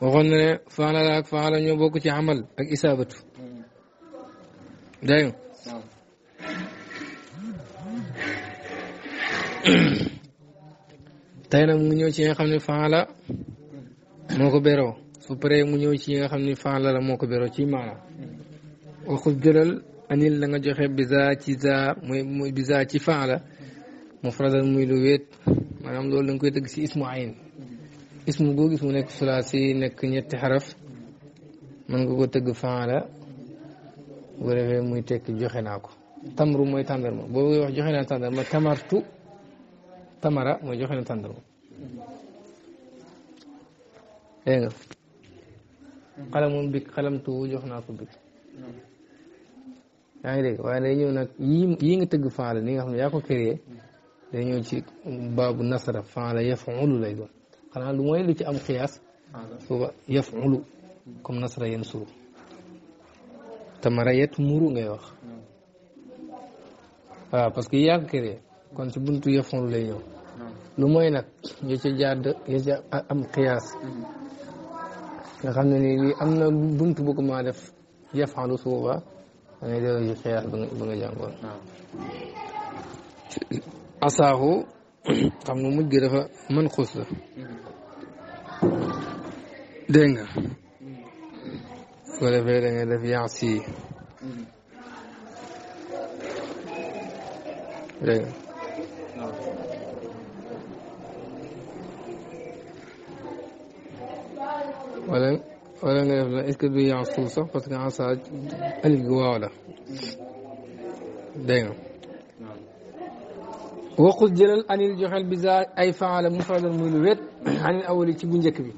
waxoon na ne faala la ak faala ñoo bokk ci amal ak isaabatu dégg tey nag mu ñëw ci nga xam ne faala moo ko beroo su paree mu ñëw ci nga xam ne faala la moo ko beroo ci maana waxu jëlal anil la nga joxe biza ci za muy biza ci faala mufradal muy lu wéet maanaam loolu da koy dëgg si ismu ayin ismu goo gis mu nekk sulaasi nekk ñetti xaraf mën nga ko tëgg faala bu ko muy tekki joxe naa ko tamru mooy tàndarma boo wax joxe naa tàndarma tamartu tamara mooy joxe na tàndarma jox naa ko bik yaa ngi dégg waaye day ñëw nag yii nga tëgg faala li nga xam ne yaa ko créé day ñëw ci baabu nasara faala yafaulu lay doon xanaa lu mooy lu ci am xiyaas suba ah, yafulu comme nasra yansuru tamara yet muru ngay wax hmm. ah, parce que yaa créé kon si bunt yafulu lay ñëw hmm. lu mooy nag ya ca jàdd ya am xiyaas hmm. xam ne nii am na buntu bu maa def yafalu suuba da ngay asaaxu قام نمج دفا من خصه دينغا ولا في دينغا لا في عصي دينغا ولا ولا نعرف إيش وقد جلال ان الجحل بزا اي فعل مفرد من ويت عن الاول تي بو بي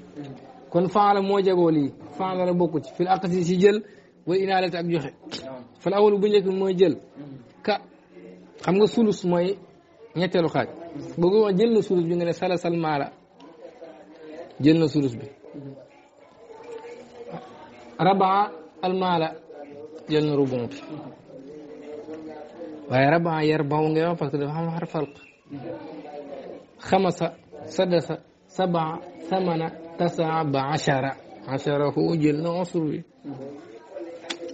كون فعل مو جابو فعل لا بوكو في الاقص سي جيل و اك جحل فالاول بو نك مو جيل ك خمغا سولوس موي نيتلو خاج بوغو جيل نو سولوس بيغي سلاس المال جيل نو سولوس بي ربع المال جيل نو ربع waaye rabaa yarbahu ngay wax parce que dafa xam xar falq jël na osur bi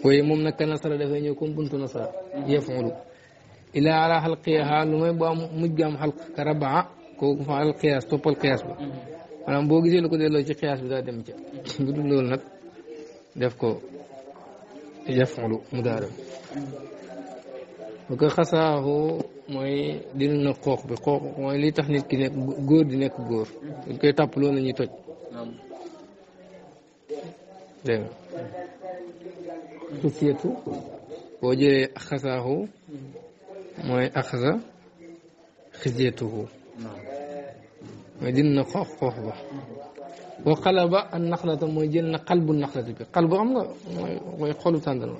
waaye moom nag ka nasara dafay ñëw comme buntu nasara yafulu ilaa ala xalqiyaha lu may bu am mujj am xalq ka fa al qiyaas toppal qiyaas ba maanaam boo gisee lu ko ci qiyaas bi daa dem ca bu dul nag def ko yafulu mu daara وكان خساه موي دين نكوك بكوك موي لي تخ نيت كي نيك غور دي نيك غور كي تابلو ني توج نعم دين سوسيتو بوجي خساه موي اخذا خزيته نعم موي دين نكوك كوك با وقلب النخلة موي جيل قلب النخلة بي قلب امغا موي خولو تاندل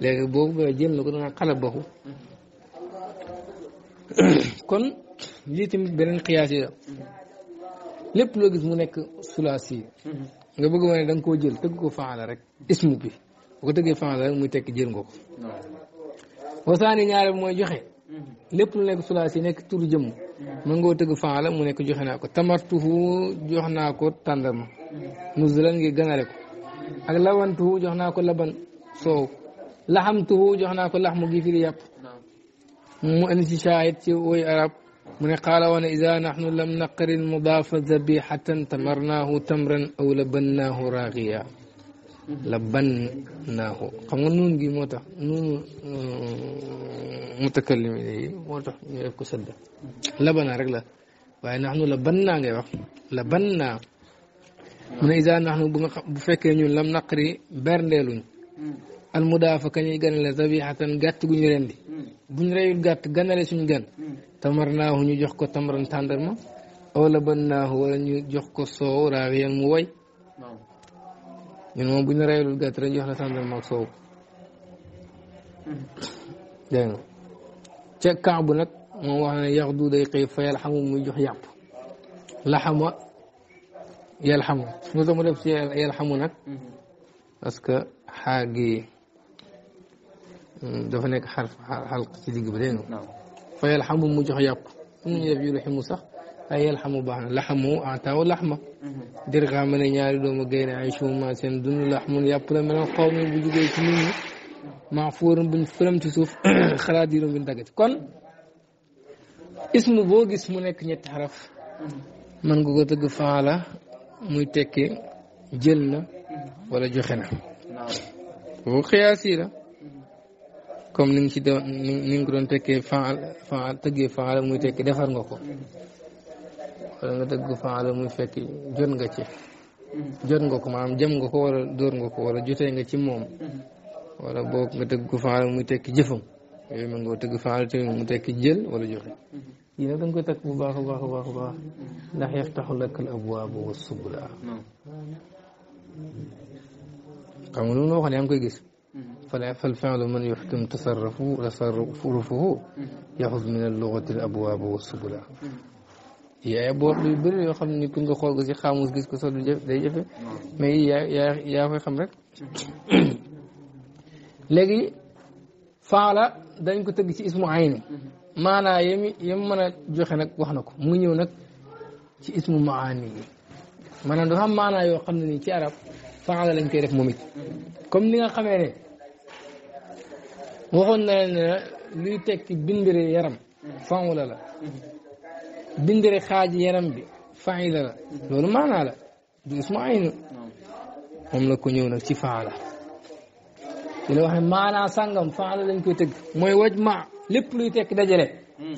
léegi boobu bëggee jël na ko danga xalab baxu kon lii beneen xiyaas yi la lépp loo gis mu nekk sulaas mm-hmm. nga bëgg wane danga koo jël tëgg ko la rek ismu bi bu ko tëggee faala rek muy tekki jël nga ko wasaani ñaare mooy joxe mm-hmm. lépp lu nekk sulaas yi nekk turu jëmm mm-hmm. mën ngoo tëgg faala mu nekk joxe naa ko tamartuhu jox naa ko tàndarma nuzulan ngi ganale ko ak lawantuhu jox naa ko laban soow laxamtuhu jox naa ko laxmu gi firi yàpp mu indi ci shaahid ci woy arab mu ne qaala woon ida naxnu lam naqrin mudaafa zabihatan tamarnaahu tamran aw labannaahu raaxiya labannaahu xam nga nuun gi moo tax nuunu mutakallimin yi moo tax ñu def ko sadda labana rek la waaye naxnu labannaa ngay wax labannaa mu ne ida naxnu bu fekkee ñun lam naqri berndeeluñ almudaafa ka ñuy ganale zabihatan gàtt gu ñu rendi hmm. buñ reyul gàtt ganale suñ gan hmm. tamarnaahu ñu jox ko tamaran tàndarma aw labannaahu wala ñu jox ko soow raawiyan mu woy ñun moom buñ reyul gàtt rek jox la tàndarma ak soow hmm. dégg nga ca kaabu nag moom wax ne yax du day fa yalxamu muy jox yàpp laxama ah. yalxamu mu def ci yalxamu nag parce xaagi dafa nekk a xalq ci digg ba dégg nga fa yalxamu mu jox yàpp mu sax ay yalxamu baax na laxamu ataaw laxma mhm. dir xaa ñaari doomu gaynde ay chuma seen dund laxmun yàpp la mel xaw bu jugee ci nit ñi maa fóoram buñ fëram ci suuf xalaat yi buñ daggati kon ismu boo gis mu nekk ñetti xaraf man mhm. nga ko tëgg faala muy tekki jël mhm. wala joxe na boobu comme ni nga ci doon ni nga ko doon tekkee faal faal tëggee faala muy tekki defar nga ko wala nga tëgg faala muy fekk jot nga ci jot nga ko maanaam jëm nga ko wala dóor nga ko wala jotee nga ci moom wala boog nga tëgg faala muy tekki jëfam yooyu mën nga tëgg faala tamit mu tekki jël wala joxe yi nag da nga koy takk bu baax baax a baax ndax yaftaxu lakal abwaaba wa subula xam nga lu mu waxoon yaa koy gis فالفعل من يحكم تصرفه تصرفه يأخذ من اللغة الأبواب والسبل يا أبو أبو يا خم نكون دخول جي خاموس جيس كسر جيف دي جيف يا يا يا في خمرك لقي فعل دين كتب شيء اسمه عين ما أنا يمي يم أنا جو خنك وحنك مينونك شيء اسمه معاني ما أنا دوهم ما أنا يو خم نيجي عرب فعل لين كيرف مميت كم نيجا خمرك waxoon na leen ne luy tekki bindiri yaram fanwula la bindiri xaaji yaram bi faila la loolu maanaa la du ismu aynu moom la ko ñëw nag ci faala di la waxee maanaa sàngam faala lañ koy tëgg mooy waj ma lépp luy tekki dajale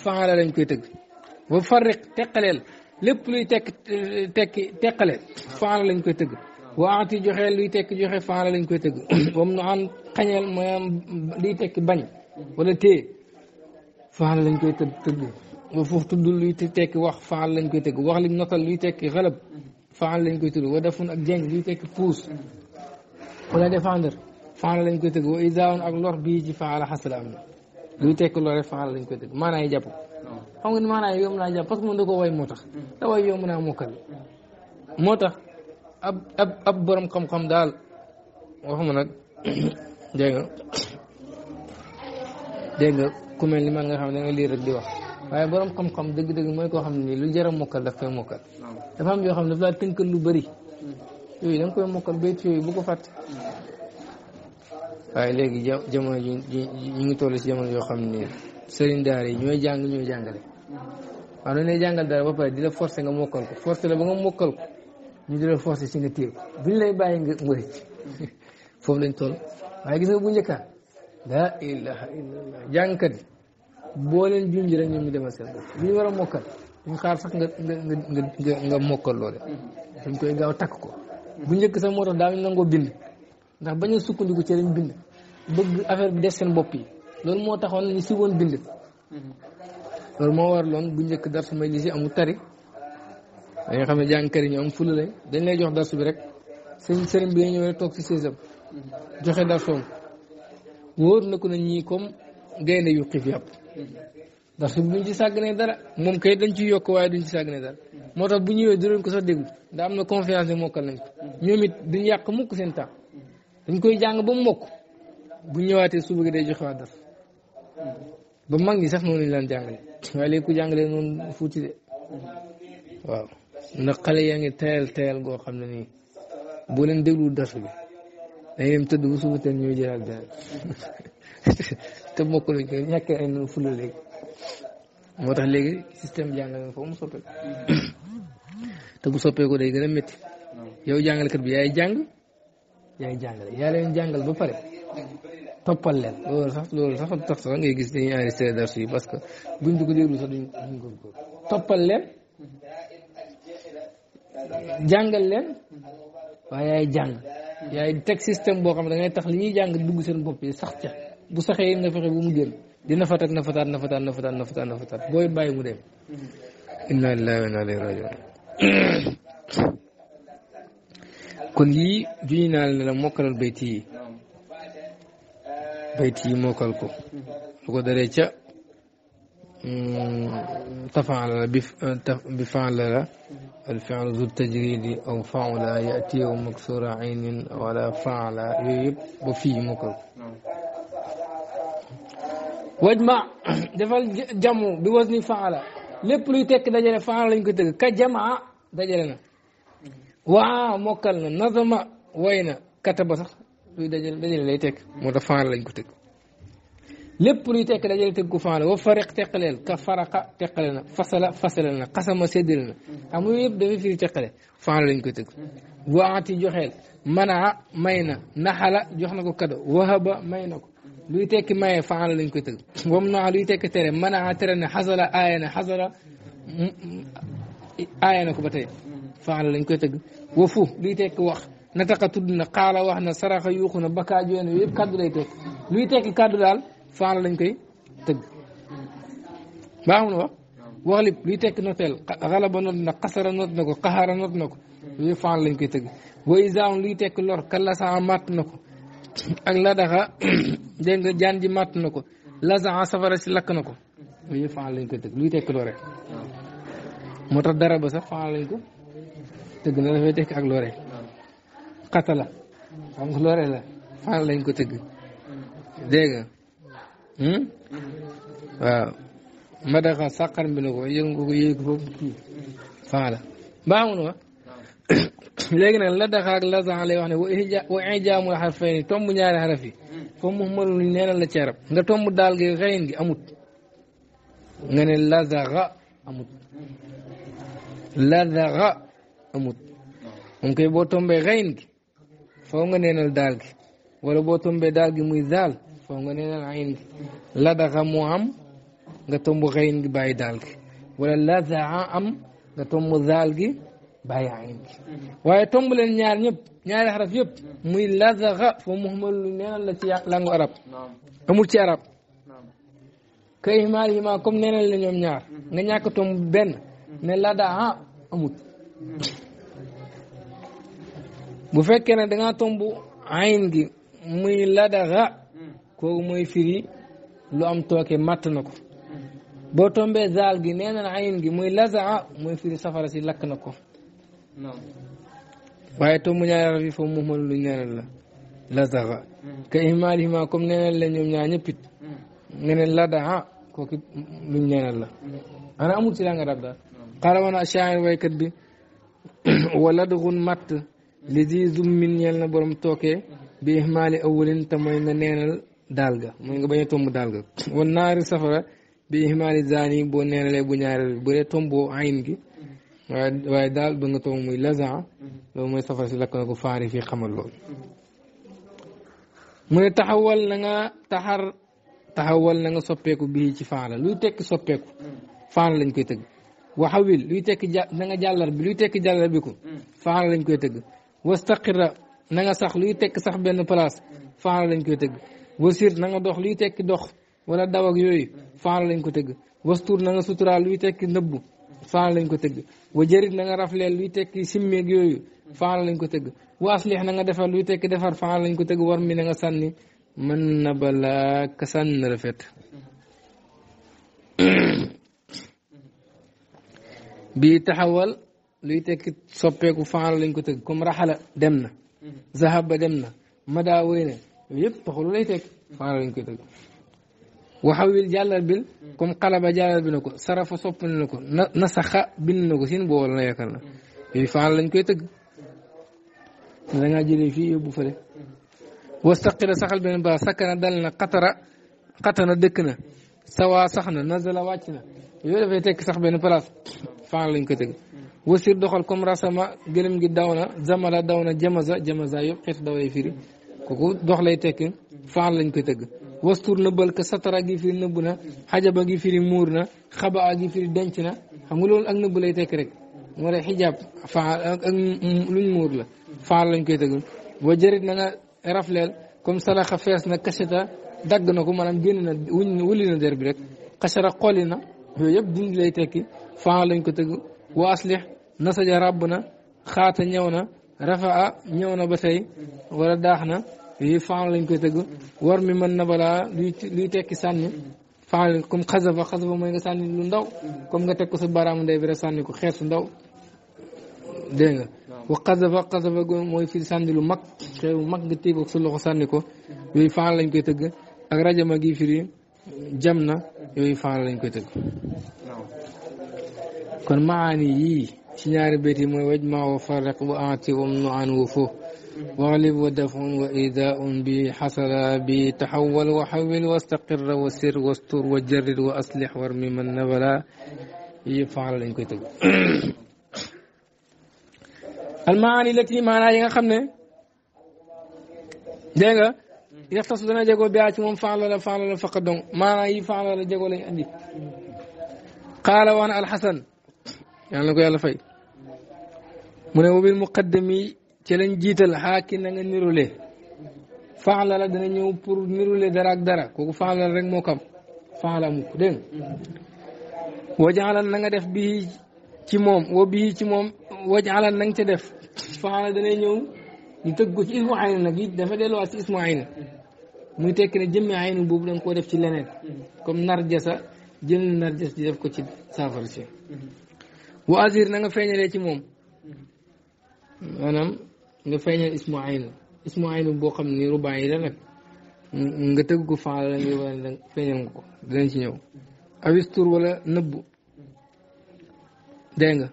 faala lañ koy tëgg ba farriq teqaleel lépp luy tekki teqale faala lañ koy tëgg waati joxe luy tekki joxe faala lañ koy tëgg moom nu am xañeel mooy am liy tekki bañ wala téye faala lañ koy tëgg tëgg wa foofu tudd luy tekki wax faala lañ koy tëgg wax liñ notal luy tekki xalab faala lañ koy tudd wa defun ak jeng luy tekki puus wala défendre faala lañ koy tëgg wa idaawoon ak lor bii ci faala xasala am na luy tekki lore faala lañ koy tëgg maanaam yi jàpp xam nga ni maanaam yomb naa jàpp parce que mën da ko way moo tax da way yomb naa mokkal moo tax ab ab borom xam-xam daal waxuma nag dégg nga nga ku mel ni man nga xam ne nga lii rek di wax waaye borom xam-xam dëgg-dëgg mooy koo xam ne lu jaram mokkal daf koy mokkal dafa yoo xam ne daf laa tënkal lu bëri yooyu da nga koy mokkal bayt yooyu bu ko waaye léegi jamono ji ñu ngi toll si jamono yoo xam ne sëriñ daara yi ñooy jàng ñooy jàngal dara ba pare di la forcé nga mokkal ko forcé la ba nga mokkal ko ñu di la si nga téye bu ñu lay bàyyi nga nga rëcc foofu lañ toll waaye gis nga bu njëkka laa ilaha illallah jàngkat yi boo leen junj rek ñoom ñu demal seen bopp bu ñu war a mokkal duñ xaar sax nga nga nga nga mokkal loole dañ koy gaaw takk ko bu njëkk sax moo tax daañu nangoo bind ndax bañ a sukkandiku ci lañ bind bëgg affaire bi def seen bopp yi loolu moo taxoon ñu si woon bind mm-hmm. loolu moo war loon bu njëkk dar su may lisi amul tari da nga xam ne jàngkat yi ñu am fula lañ dañ lay jox darsu bi rek sëñ sëriñ bi ñëw rek toog si séesam joxe darsoom wóor na ko ne ñii comme gaynde yu xiif yàpp darsu bi duñ ci sàgganee dara moom kay dañ ci yokk waaye duñ ci sàgganee dara moo tax bu ñëwee dinañ ko sax déglu ndax am na confiance ne mokkal nañ ko ñoom it duñ yàq mukk seen temps dañ koy jàng ba mu mokk bu ñëwaatee suba gi day joxewaat dars ba mag ñi sax noonu lañ daan jàngale waaye léegi ku ndax xale yaa ngi tayal tayal goo xam ne nii boo leen déglu darsu bi dañuy dem tëdd bu suba teel ñooy jëlaat daal te mbokk nañ ko ñàkkee ay noonu fulla léegi tax léegi système jàngale nga mu soppeeku te soppeeku day gën a métti yow jàngalekat bi yaay jàng yaay jàngale yaa leen jàngal ba pare toppal leen loolu sax loolu sax tax sax ngay gis dañuy enregistré darsu yi parce que buñ du ko déglu sax duñ duñ ko toppal leen. jàngal leen waaye yaay jàng yaay teg système boo xam ne da tax li ñuy jàng dugg seen bopp yi sax ca bu saxee nga fexe bu mu génn di nafat ak nafataat nafataat nafataat nafataat nafataat booy bàyyi mu dem kon yii juñu la mokkalal bayti yi bayti yi mokkal ko lu ko daree mm, tafaan la bi bi fan la la الفعل ذو التجريد أو فعل يأتي مكسور عين ولا فعل يجب وفي مكر نعم. واجمع دفعل جمع بوزن فعل لبلو تك دجال فعل لنكو تك كجمع دجالنا وا مكر نظم وين كتب صح دجال دجال ليتك متفعل لنكو تك لب لي تقل جل تقفانا وفرق تقلل كفرق تقلنا فصل فصلنا قسم سدلنا أمو يبدأ في فيه تقل فانا لنك تقل وعاتي جوحيل منع مينا نحل جوحنك كدو وهب مينك لي تك ما يفعل لنك تقل ومنع لي تك ترى منع ترى حصل آينا حصل آينا كبتي فعل لنك تقل وفو لي تك وقت نتقتلنا قال وحنا سرخ يوخنا بكاجوين ويب كدو لي تك لي faala lañ koy tëgg baa xam na wax luy tekk noteel xalaba not na xasara not na ko xaxara not na ko yooyu faala lañ koy tëgg wa isaan luy tekk lor kalasan màtt na ko ak ladaxa dégg nga jaan na ko a safara si lakk na ko yooyu faala lañ koy tëgg luy tekk lore moo tax dara ba sa faala lañ ko tëgg na dafay tekk ko Hmm? ma madaxa sàqar bi na ko yëg nga ko yëg foofu kii faala baaxul ma léegi nag la daxaak la sax lay wax ne wa ijaamul xarfay ni tomb ñaari xaraf yi foofu muhammadul ni la ceerab nga tomb daal gi xayin gi amut nga ne lazaxa amut lazaxa amut moom koy boo tombee xayin gi foofu nga neenal daal gi wala boo tombee daal gi muy zaal xam nga nee na ayn ladaxa mu am nga tomb xayn gi bàyyi daal gi wala ladaa am nga tomb zaal gi bàyyi ayn gi waaye tomb leen ñaar ñëpp ñaari xaraf yëpp muy ladaxa foo muhammadul nee na la ci langu arab amul ci arab ka ihmaal himaa comme neenal la ñoom ñaar nga ñàkk tomb benn ne ladaa amut bu fekkee ne da tomb ayn gi muy ladaxa kooku mooy firi lu am tooke matt na ko boo tombee zaal gi nee na ayin gi muy lazaa mooy firi safara si lakk na ko waaye tomb ñaari araf a foofu muhmal lu ñaanal la lazaa ka ihmaalihima la ñoom ñaar ñëppit hmm. nga ne ladaa kooku lu ñaanal la hmm. ana amul ci laa nga rab daal xaaral hmm. woon shaa'ir waykat bi wala duxun matt li di zum min ñeel tooke bi ihmaali awalin te mooy neenal daal ga mooy nga bañ a tomb daal ga wan naari safara bi himaani zaan yi boo neeralee bu ñaareel bu dee tomboo ayin gi waaye daal ba nga tomb muy lazan loolu mooy safara si lakk na ko faari fii xamal loolu ne taxawal na nga taxar soppeeku bii ci faala luy tekki lañ koy tëgg waxawil luy tekki ja na nga jàllar bi ko faala lañ koy tëgg wastaqira na sax luy tekki sax benn place faala lañ koy tëgg wasir na nga dox luy tekki dox wala daw ak yooyu faana ko tëgg wastuur na nga suturaal luy tekki nëbbu faana lañ ko tëgg wa na nga rafleel luy tekki simmeeg yooyu faana lañ ko tëgg wa aslix na nga defar luy tekki defar faana lañ ko tëgg war mi na nga sànni mën na ka sànni na rafet bii taxawal luy tekki soppeeku faana lañ ko tëgg comme raxala dem na zahaba dem na madaa yooyu yëpp taxalu lay teg faara ko koy teg waxawil jàllal bil comme xalaba jàllal bi na ko sarafa sopp na ko na nasaxa bind na ko sin boo wala na yaakaar na yooyu faara lañ koy tëgg da ngaa jëlee fii yóbbu fële wastaqira saxal benn baax sakkana dal na xatara xatana dëkk na sawaa sax na nazala wàcc na yooyu dafay sax benn place faara lañ koy tëgg wasir doxal comme rasama gëlëm gi daw na zamala daw jamaza jamaza yëpp xeetu daw lay firi kooku dox lay tekki faal lañ ko tëgg wastur nëbbal ka satara gi firi nëbb na xajaba gi firi muur na xabaa gi firi denc na xam nga loolu ak nëbb lay tekki rek moo tax xijaab faal ak luñ muur la faal lañ ko tëgg boo jërit na nga rafleel comme salaxa fees na kaseta dagg na ko maanaam génn na wuñ wuli na der bi rek xasara xoli na yooyu yëpp dindi lay tekki faal lañ ko tëgg wa aslix nasaja ràbb na xaata ñëw na rafaa ñëw na wala daax na yii faal lañ koy tëgg war mi mën na balaa luy luy tekki sànni faal comme xasafa xasafa mooy nga sànni lu ndaw comme nga teg ko sa baraamu ndey bi rek sànni ko xeet su ndaw dégg nga wa xasafa lu mag xew mag nga téye ko ko lañ koy tëgg ak rajama gi na yooyu faal lañ koy tëgg kon maani yii ci ñaari béyt yi mooy waj maa wa farraq bu aan wa foofu واغلب ودفع وإيذاء بي حصل بي تحول وحول واستقر وسر واستر وجرر وأصلح وارمي من نبلا يفعل لنكو يتقو المعاني التي معنا يغا خمنا ديغا يختص دنا جاغو بيات من فعل لا فعل لا فقد دون معنى يفعل لا جاكو لا عندي قال وانا الحسن يعني لكو يلا فاي من بالمقدمي ci lañ jiital xaaki na nga niroole faxla la dana ñëw pour niroole dara ak dara kooku faxla la rek moo kam faxla mu ko dégg wajaxalan na nga def bii ci moom woo bii ci moom wajaxalan na nga ca def faxla dana ñëw ñu tëgg ko ci ismu ayn nag it tekki ne jëmmi aynu boobu da koo def ci leneen comme narjasa jël narjas di ko ci saafara si mm-hmm. wa ci moom nga feeñal ismu ayn ismu ayn boo xam ni rubaa yi la nag nga tëgg ko faala la ngir wala feeñal nga ko dinañ ci ñëw awistur wala nëbbu dégg nga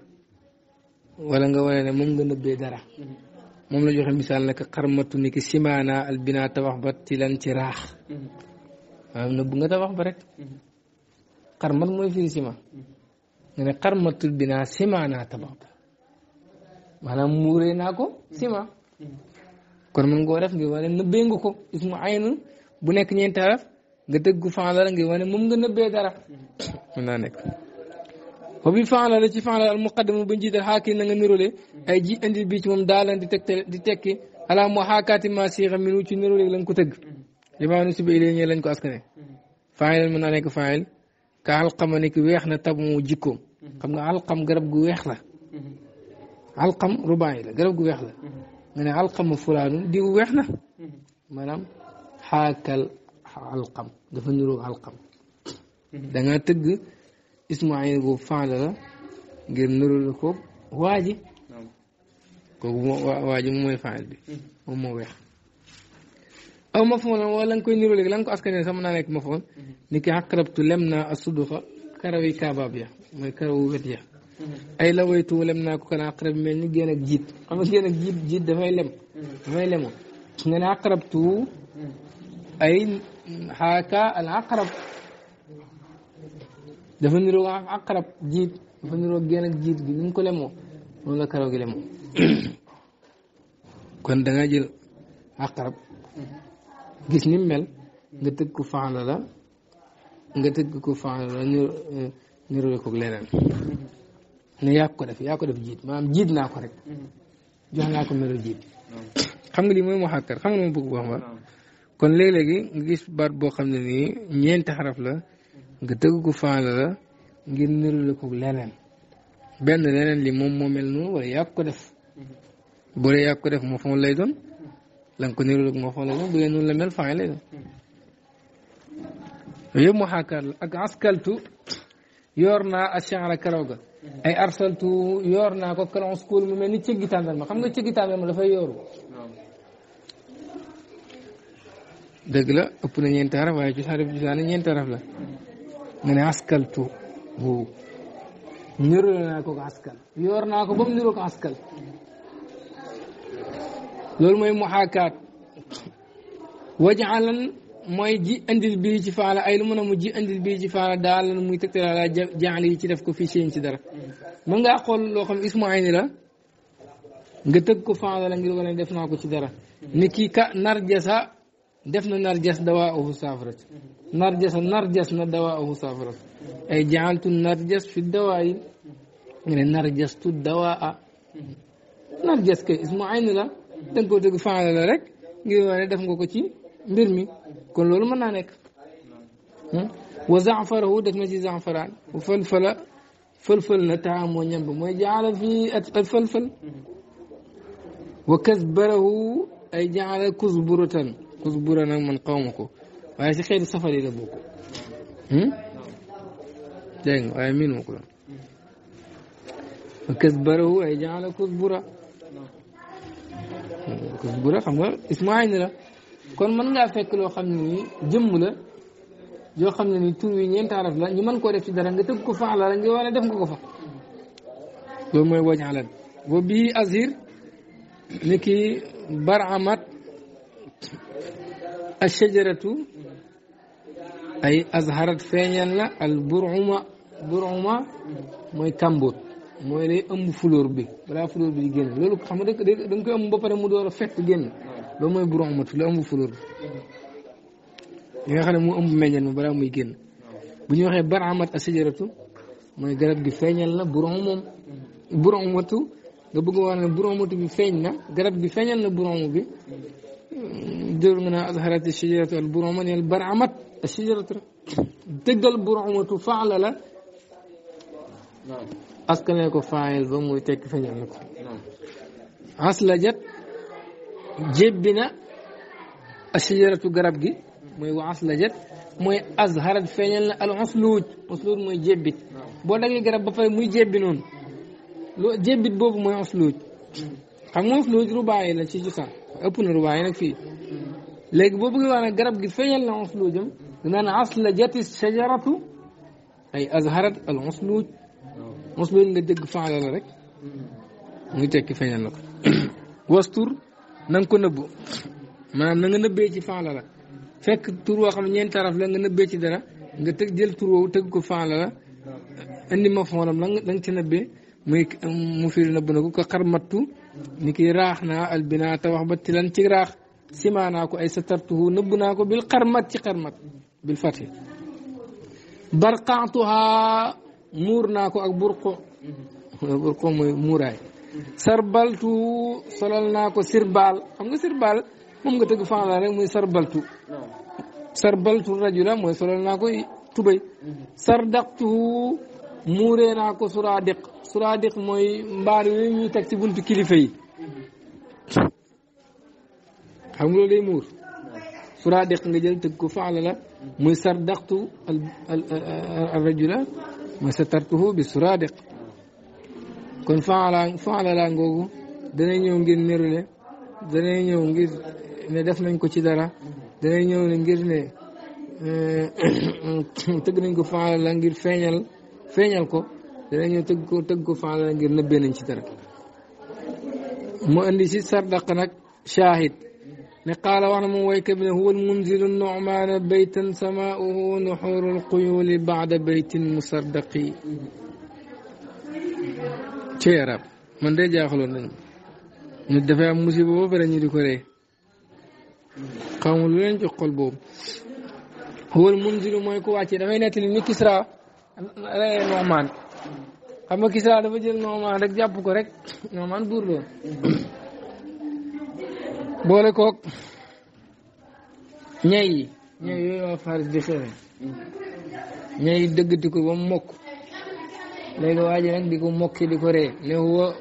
wala nga wane ne moom nga nëbbee dara moom la joxe misaal nag xarmatu ni ki simaana albina tabax ba ci lan ci raax waaw nëbbu nga tabax ba rek xarmat mooy firi sima nga ne xarmatul binaa simaana tabax ba maanaam muuree naa ko ciment kon mën ngoo def ngir wane nëbbee nga ko ismu aynun bu nekk ñeenti araf nga tëgg faala ngir wane moom nga nëbbee dara mën naa nekk fo bi faala la ci faala al muqaddama ba njiital xaakii na nga nirole di tegtal di tekki alaa moo xaakaati ma siixa minu ci nirole lañ ko tëgg limaanu si ba ilee ñee lañ ko askane faayil mën naa nekk faayil ka alqama nekk jikkoom xam nga alqam garab gu weex la alxam rubaay la garab gu weex la nga ne alxamu fulaanun diw weex na maanaam xaakal alxam dafa niroog alxam da tëgg ismaayil boobu faala la ngir niru la ko waa ji kooku moom mooy weex aw ma foon wala nga koy niru la nga ko askanee sama naa nekk ma foon ni ki xaqrabtu lem naa asuduxa karaw yi kaabaab ya mooy karawu wet ya ay lawaytu lem naa ko kan aqrab mel ni génn jiit dafay lem dafay lemoon nga ne aqrabtu ay xaaka al aqrab dafa niroog aqrab jiit dafa niroog génn jiit gi ko lemoo noonu la karaw gi kon da nga jël gis ni mel nga tëgg ko faana la nga tëgg ko faana la niroo leneen ne yaa ko def yaa ko def jiit maanaam jiit naa ko rek mm-hmm. jox naa ko melo jiit mm-hmm. xam nga lii mooy mu xàkkar mm-hmm. kon léeg-léegi boo xam ne nii ñeenti xaraf la nga tëgg ko faan la ngir nirule moo mel noonu lay doon la nga ko nirule moo foon la ak askaltu yor naa ashaara karaw ga ay arsaltu yoor naa ko on school mu melni ci cëggi ma xam nga ci ma da fay yoru deug la upp na ñeenti taraf waaye ci sarif ci gisaane ñeenti taraf la nga ne askaltu bu ñuro na ko askal yoor naa ko bam ñuro ko askal lol moy muhakat wajalan mooy ji indil bii ci faala ay lu mën a mu ji indil bii ci faala daal lan muy tegtalaala jaal yi ci def ko fii seen ci dara mën nga xool loo xam ismu ayni la nga tëgg ko faala la ngir wane def naa ko ci dara ni ka narjasa def na narjas dawaa ahu saafarat narjasa narjas na dawaa ahu ay jaaltu narjas fi dawaa yi nga ne narjastu dawaa la da nga koo tëgg la rek ngir wane def nga ko ci برمي كل لول من هناك وزعفر هو دك مجي زعفران وفلفل فلفل نتعام ونجنب ما جعل في الفلفل وكذبره أي جعل كذبرة كذبرة من قومك وهي خير سفر إلى بوك تنو أمين وقل وكذبره أي جعل كذبرة كذبرة خمر اسمعين له kon man ngaa fekk loo xam ne ni jëmm la yoo xam ne ni tur wi ñeenti araf la ñu mën koo def ci dara nga tëgg ko fax la nga wala def nga ko fa loolu mooy wañ alan bi bii azir ni ki baramat ashajaratu ay azharat feeñal la al buruma buruma mooy kambóot mooy lay ëmb fleur bi balaa fleur bi di génn loolu xam nga da nga koy ëmb ba pare mu door a fekk génn لو ما يبرو عمر فلان مو فلور يا خلي مو أم مجن مو برام يجين بني وخي بر عمر أسجرتو ما يجرب بفين يلا برو عمر برو عمر تو لو بقول أنا برو عمر تبي فين نا جرب بفين يلا برو عمر بي دور من أظهرت الشجرة البرو عمر يلا بر عمر الشجرة تقل برو عمر تفعل لا أسكنه كفاعل بمو يتك فين يلا أصل جت jébbi na asijaratu garab gi mooy wa aslajat mooy azharat feeñal na al usluuj usluuj mooy jébbit boo daggee garab ba pare muy jébbi noonu loolu jébbit boobu mooy usluuj xam nga usluuj rubaay la ci cosaan ëpp na rubaay nag fii léegi boo bëggee wax ne garab gi feeñal na usluujam danaan aslajati shajaratu ay azharat al usluuj usluuj nga dégg faala la rek muy tekki feeñal na ko wastur na ko nëbbu maanaam na nga nëbbee ci faala la fekk tur xam ne ñeenti araf la nga nëbbee ci dara nga tëg jël tur woowu tëgg ko faala la indi ma foolam la nga ci nëbbee mu firi nëbb na ko ko xarmattu ni ki raax naa albinaa tabax ba tilan ci raax simaa ko ay satartuhu nëbb naa ko bil xarmat ci xarmat bil fati barqaatuha muur naa ko ak burqo burqo mooy muuraay sarbaltu solal naa ko sirbaal xam ga sirbaal moom nga tëgg fanla rek muy sarbaltu sarbaltu rajula mooy solal naa ko tubay sardaqtuhu muuree naa ko suraadiq suraadiq mooy mbaar yooyu ñuy teg ci buntu kilifa yi xam loolu day suraadiq nga jël tëgg ko faala muy sardaqtu al rajula mooy satartuhu bi suraadiq kon faala faala laa ngoogu danay ñëw ngir nérule danay ñëw ngir ne def nañ ko ci dara danay ñëw ne ngir ne eh, tëgg nañ ko faala la ngir feeñal feeñal ko danay ñëw tëgg ko tëgg ko faala la ngir nëbbee nañ ci dara mu indi si sardaq nag shahid ne qaala wax na moom wayka bi ne huwa almunzilu numaana baytan samaauhu nuxuru alquyuli baada baytin musardaqi ci arab man de jaaxaloon nañu nit dafay am musiba ba pare di ko ree xaw ma lu leen jox xol boobu wóor mooy ku wàcce dafay nettali ni Kisra reyee Noomaan xam nga Kisra dafa jël Noomaan rek jàpp ko rek Noomaan buur lool boole koog ñay yi ñay yooyu waa Faris di xewe ñay dëggati ko ba mu léegi waa ji nag di ko mokki di ko ree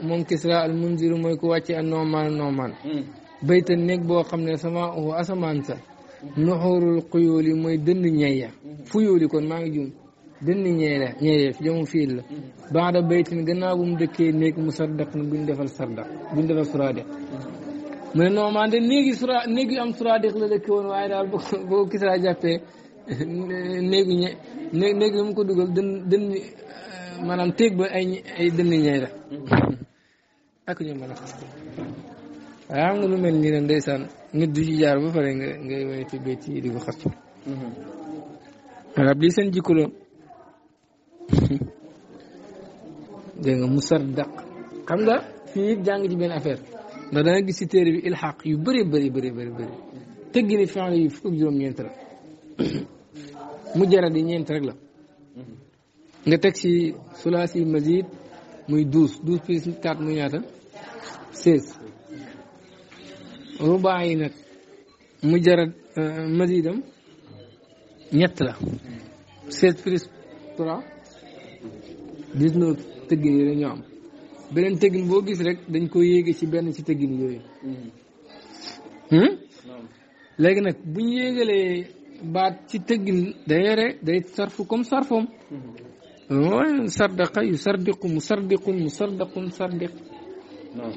moom Kisra al munziru mooy ku wàcce an noomaan noomaan hmm. bayta néeg boo xam ne sama huwa asamaan sa nuxurul xuyóoli mooy dënd ñeya fuyóoli hmm. kon maa ngi jum dënd ñeya ñeya fi la hmm. baada baytin gannaaw bu mu dëkkee néeg mu sardak na buñ suraadiq mu ne noomaan de néegi sura néegi am suraadiq la dëkke waaye daal boo ko dugal dënd dënd manam teeg ba ay ay dënn ñay la ak ñu mëna a fas waaye nga lu mel ni nag ndeysaan nit du ci jaar ba pare nga ngay wane ci béy ci di ko xas arab lii seen jikko la dégg nga musaddaq xam nga fi it jàng ci benn affaire da na gis ci téré bi ilhaq yu bëri bëri bëri bëri bëri teggini ni fen yi fukk juróom ñeent mu jara di ñeent rek la nga teg ci sulaasi mazid muy douze douze plus quatre muy ñaata seize rubaa yi nag mu jarat euh, mazidam ñett la seize plus trois dix tëggin am beneen tëggin boo gis rek dañ ko yéege ci benn ci tëggin yooyu hmm? léegi nag buñ ñu yéegalee baat ci tëggin day yore day sarfu comme sarfoom صدق يصدق مصدق مصدق مصدق نعم.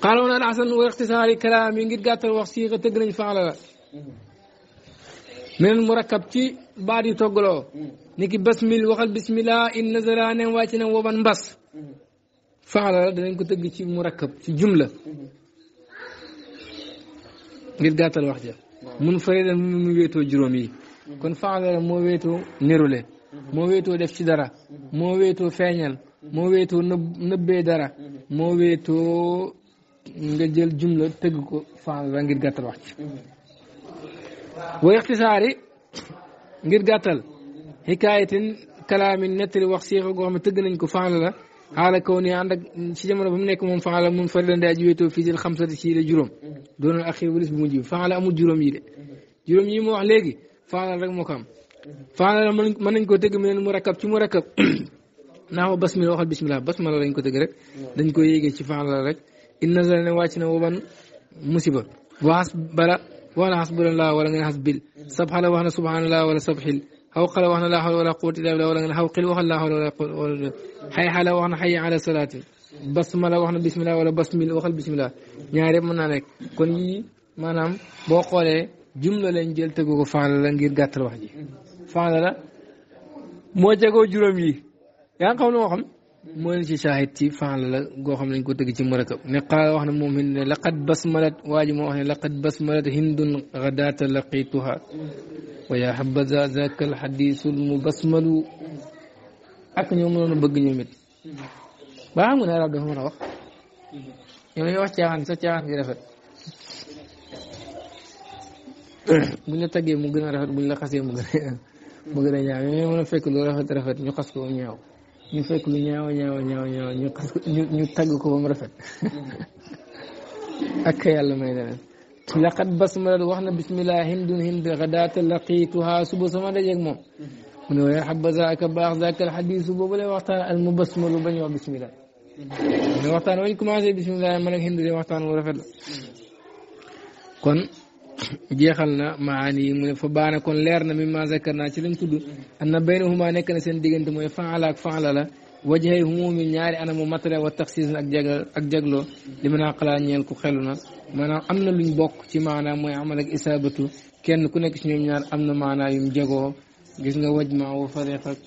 قالوا لنا احسن واختصار كلام قد قاتل وصيغه تقرن فعل من المركب تي بعد يتوغلو نيكي بسم الله وقال بسم الله ان نزلان واتنا وبن بس فعل دنج كو تغ سي مركب سي جمله قد قاتل وحده نعم. فريد من ويتو جرومي kon faxagara moo wéetoo nirule moo wéetoo def ci dara moo wéetoo feeñal moo wéetoo nëb nëbbee dara moo wéetoo nga jël jumla tëgg ko faxagara ngir gàttal wax ci wa ixtisaari ngir gàttal xikaayatin kalaamin nettali wax siixa goo xam ne tëgg nañ ko faxala la xaala kaw nii ànd ba mu nekk moom faxala mun farilande aji wéetoo fii jël xamsati ci de juróom doonal axir walis bu mujj bi faxala amul juróom yi de juróom yi mu wax léegi faanal rek moo ko am faanal mën mën nañ koo tëgg mu neen mu rakkab ci mu rakkab naa ma basmila waxal bismillah basmala lañ ko tëgg rek dañ ko yéegee ci faanal rek inna la ne wàcc na waban musiba waxas bala wax na xasbulallaa wala nga ne xas bil sabxala wax na subhanallah wala sabxil xaw xala wax na laa xawla wala quwwata illa billah wala nga ne xaw xil waxal laa xawla wala quwwata wala xay xala wax na xay ala salaatin basmala wax na bismillah wala basmil waxal bismillah ñaar yëpp mën naa nekk kon yii maanaam boo xoolee jumla lañ jël tegu ko faala la ngir gàttal wax ji faala la moo jegoo juróom yi yaa ngi xam ne moo xam moo leen ci saahid ci faala la goo xam lañ ko tëgg ci marakab ne qaala wax na moom hind ne laqad basmalat waa ji moo wax ne laqad basmalat hindun gadaata laqituha wa yaa habaza zaka alxadisul mubasmalu ak ñoo mënoon a bëgg ñoom it baa xam nga ne arab dafa mën a wax ñoom dañuy wax caaxaan sax caaxaan gi rafet buñ la taggee mu gën a rafet buñ la xasee mu gën a a ñaaw a fekk lu ñu xas ko mu ñaaw ñu fekk lu ñaaw ñaaw ñaaw ñu xas tagg ko ba mu rafet ak yàlla may na leen laqad basmalat wax na bismillah hindun hind xadaata laqiituha suba sama dajeeg moom mu ne waaye xabaza ak baax zaaka al xadiisu boobu lay waxtaan al mubasmalu bañ wax bismillah mu ne waxtaan wañ commencé bismillah man ak hind de waxtaan wu rafet kon jeexal na maani yi mu ne fa baana kon leer na mi ma zakkar naa ci lañ tudd an na baynahuma nekk na seen diggante mooy faala ak faala la wajhay humumi ñaari anamu matale wa taxsiis ak jag ak jagloo li mën a xalaat ñeel ku xelu na maanaam am na luñ bokk ci maanaam mooy amal ak isaabatu kenn ku nekk ci ñoom ñaar am na maanaa yum jagoo gis nga waj ma wa fariq ak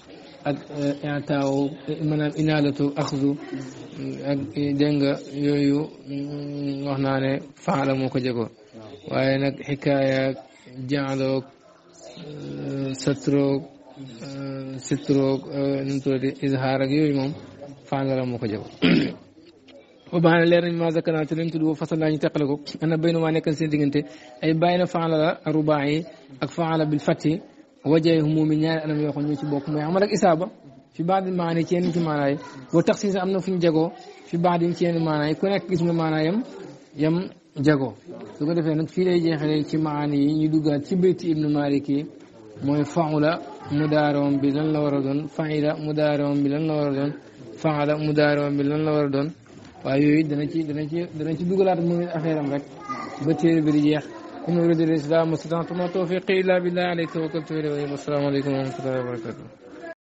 ak eh, intaaw eh, maanaam inaalatu axdu ak eh, yooyu mm, wax naa ne faala moo ko jagoo waaye nag xikaayaak jaaloog euh, satroog euh, sitroog euh, nu mu tuddati yooyu moom fàndaram moo ko jabo ba baana leer nañ ma zakkanaa te lañ fasal naa ñu teqale ko ana bay na maa nekkan seen diggante ay bàyyi na faala la rubaa yi ak faala bil fatti wajay humumi ñaari anam yoo xam ñoo ci bokk mooy isaaba fi baad ci yenn ci maanaay boo tax si am na fu yam jago su ko defee nag fii lay jeexalee ci maani yi ñu duggaat ci béyti ibnu malik yi mooy faula mudaaroom bi lan la war a doon faila mudaaroom bi lan la war a doon faala mudaaroom bi lan la war a doon waaye yooyu dana ci dana ci dana ci dugalaat mu affaire am rek ba téere di jeex in uridu al islam mastata'tu ma tawfiqi illa billah alayhi tawakkaltu wa